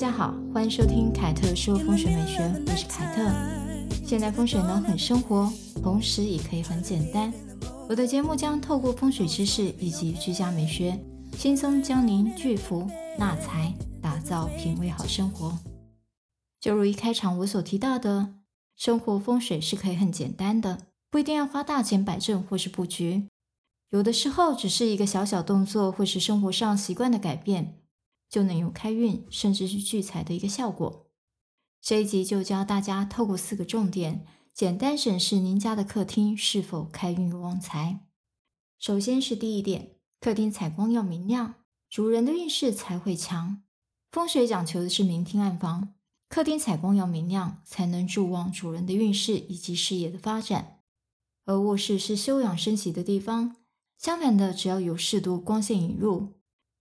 大家好，歡迎收聽凱特說風水美學，我是凱特。現代風水呢，很生活，同時也可以很簡單。我的節目將透過風水知識以及居家美學，輕鬆教您聚福納財，打造品味好生活。就如一開場我所提到的，生活風水是可以很簡單的，不一定要花大錢擺陣或是布局，有的時候只是一個小小動作，或是生活上習慣的改變。就能有開運甚至是聚財的一個效果。這一集就教大家透過四個重點，簡單審視您家的客廳是否開運又旺財。首先是第一點，客廳採光要明亮，主人的運勢才會強。風水講求的是明廳暗房，客廳採光要明亮，才能助旺主人的運勢以及事業的發展。而臥室是休養生息的地方，相反的，只要有適度光線引入，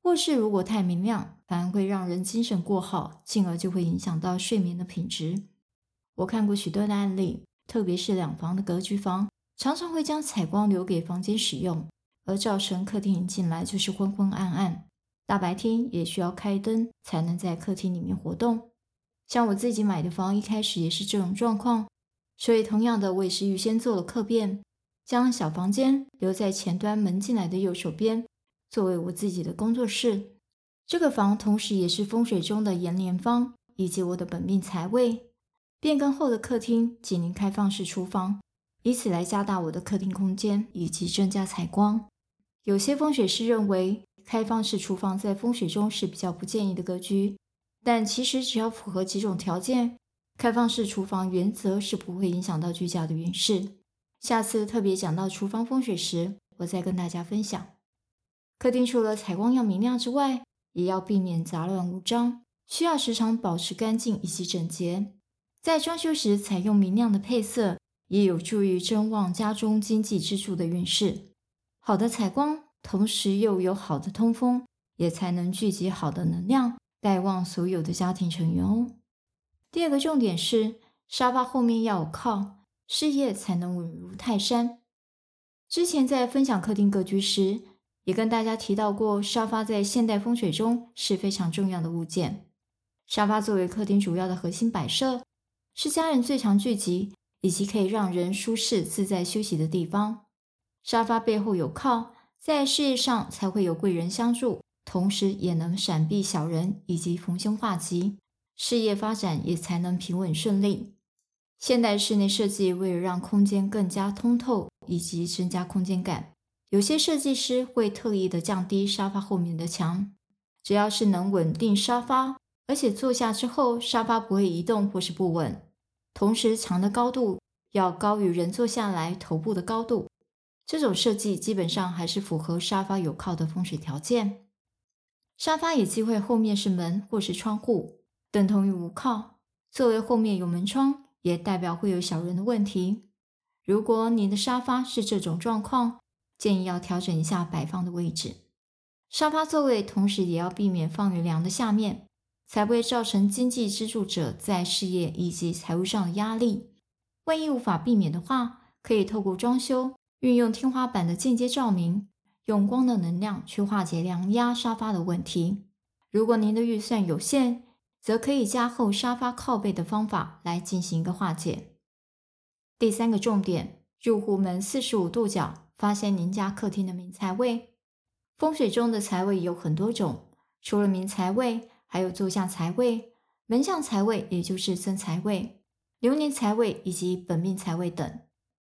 臥室如果太明亮，反而會讓人精神過好，進而就會影響到睡眠的品質。我看過許多的案例，特別是兩房的格局房，常常會將採光留給房間使用，而造成客廳進來就是昏昏暗暗，大白天也需要開燈才能在客廳裡面活動。像我自己買的房，一開始也是這種狀況，所以同樣的，我也是預先做了客變，將小房間留在前端門進來的右手邊，作為我自己的工作室。這個房同時也是風水中的延年方，以及我的本命財位。變更後的客廳緊鄰開放式廚房，以此來加大我的客廳空間以及增加採光。有些風水師認為開放式廚房在風水中是比較不建議的格局，但其實只要符合幾種條件，開放式廚房原則是不會影響到居家的運勢。下次特別講到廚房風水時，我再跟大家分享。客廳除了採光要明亮之外，也要避免雜亂無章，需要時常保持乾淨以及整潔。在裝修時採用明亮的配色，也有助於增旺家中經濟支柱的運勢。好的採光，同時又有好的通風，也才能聚集好的能量，帶旺所有的家庭成員哦。第二個重點是，沙發後面要有靠，事業才能穩如泰山。之前在分享客廳格局時，也跟大家提到過，沙發在現代風水中是非常重要的物件。沙發作為客廳主要的核心擺設，是家人最常聚集以及可以讓人舒適自在休息的地方。沙發背後有靠，在事業上才會有貴人相助，同時也能閃避小人以及逢凶化吉，事業發展也才能平穩順利。現代室內設計為了讓空間更加通透以及增加空間感，有些設計師會特意的降低沙發後面的牆，只要是能穩定沙發，而且坐下之後沙發不會移動或是不穩，同時牆的高度要高於人坐下來頭部的高度，這種設計基本上還是符合沙發有靠的風水條件。沙發有機會後面是門或是窗戶，等同於無靠。座位後面有門窗，也代表會有小人的問題。如果你的沙發是這種狀況，建議要調整一下擺放的位置，沙發座位同時也要避免放於樑的下面，才不會造成經濟支柱者在事業以及財務上的壓力。萬一無法避免的話，可以透過裝修，運用天花板的間接照明，用光的能量去化解梁壓沙發的問題。如果您的預算有限，則可以加厚沙發靠背的方法來進行一個化解。第三個重點，入戶門四十五度角。發現您家客廳的明財位，風水中的財位有很多種，除了明財位，還有坐向財位、門向財位，也就是增財位、流年財位以及本命財位等。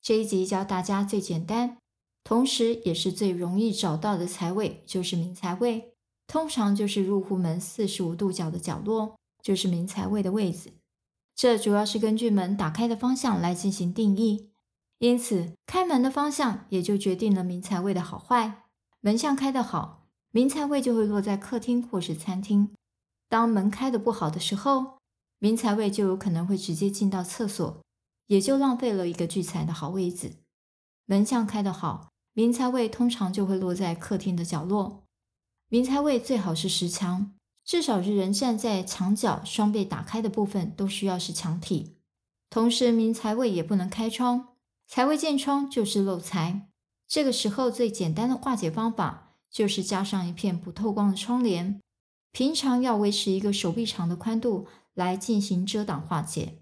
這一集教大家最簡單，同時也是最容易找到的財位，就是明財位。通常就是入戶門四十五度角的角落，就是明財位的位置。這主要是根據門打開的方向來進行定義。因此，開門的方向也就決定了明財位的好壞。門向開得好，明財位就會落在客廳或是餐廳；當門開得不好的時候，明財位就有可能會直接進到廁所，也就浪費了一個聚財的好位置。門向開得好，明財位通常就會落在客廳的角落。明財位最好是實牆，至少是人站在牆角雙背打開的部分都需要是牆體。同時，明財位也不能開窗。財位見窗就是漏財，這個時候最簡單的化解方法就是加上一片不透光的窗簾。平常要維持一個手臂長的寬度來進行遮擋化解。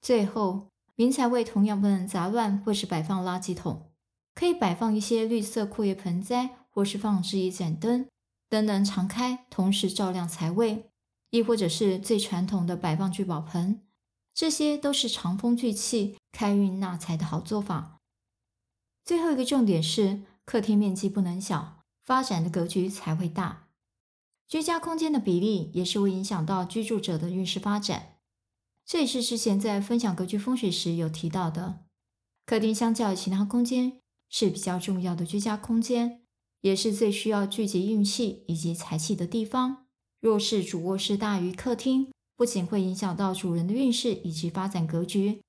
最後，明財位同樣不能雜亂或是擺放垃圾桶，可以擺放一些綠色闊葉盆栽，或是放置一盞燈，燈能常開，同時照亮財位，亦或者是最傳統的擺放聚寶盆，這些都是藏風聚氣，開運納財的好做法。最後一個重點是，客廳面積不能小，發展的格局才會大。居家空間的比例也是會影響到居住者的運勢發展。這也是之前在分享格局風水時有提到的。客廳相較於其他空間是比較重要的居家空間，也是最需要聚集運氣以及財氣的地方。若是主臥室大於客廳，不僅會影響到主人的運勢以及發展格局。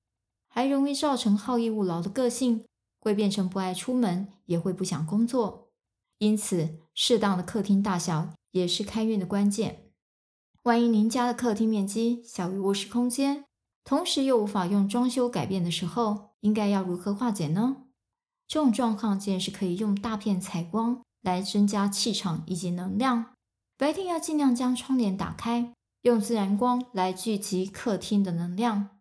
還容易造成好逸惡勞的個性，會變成不愛出門，也會不想工作。因此，適當的客廳大小也是開運的關鍵。萬一您家的客廳面積小於臥室空間，同時又無法用裝修改變的時候，應該要如何化解呢？這種狀況，建議是可以用大片採光來增加氣場以及能量。白天要儘量將窗簾打開，用自然光來聚集客廳的能量。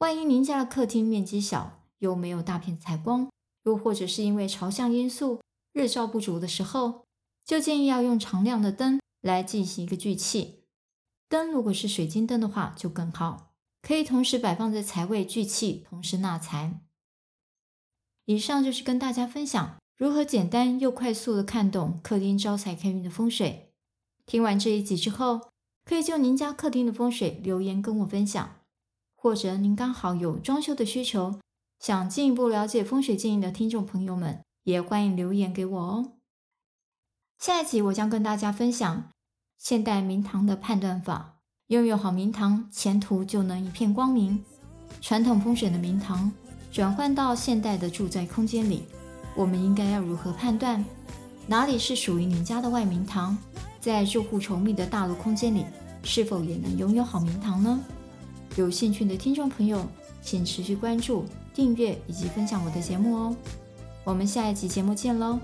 萬一您家的客廳面積小，又沒有大片採光，又或者是因為朝向因素，日照不足的時候，就建議要用常亮的燈來進行一個聚氣。燈如果是水晶燈的話就更好，可以同時擺放在財位聚氣，同時納財。以上就是跟大家分享如何簡單又快速的看懂客廳招財開運的風水。聽完這一集之後，可以就您家客廳的風水留言跟我分享。或者您剛好有裝修的需求，想進一步了解風水建議的聽眾朋友們，也歡迎留言給我哦。下一集我將跟大家分享現代明堂的判斷法，擁有好明堂，前途就能一片光明。傳統風水的明堂轉換到現代的住宅空間裡，我們應該要如何判斷？哪裡是屬於您家的外明堂？在住戶稠密的大樓空間裡，是否也能擁有好明堂呢？有興趣的聽眾朋友，請持續關注、訂閱以及分享我的節目哦。我們下一集節目見嘍！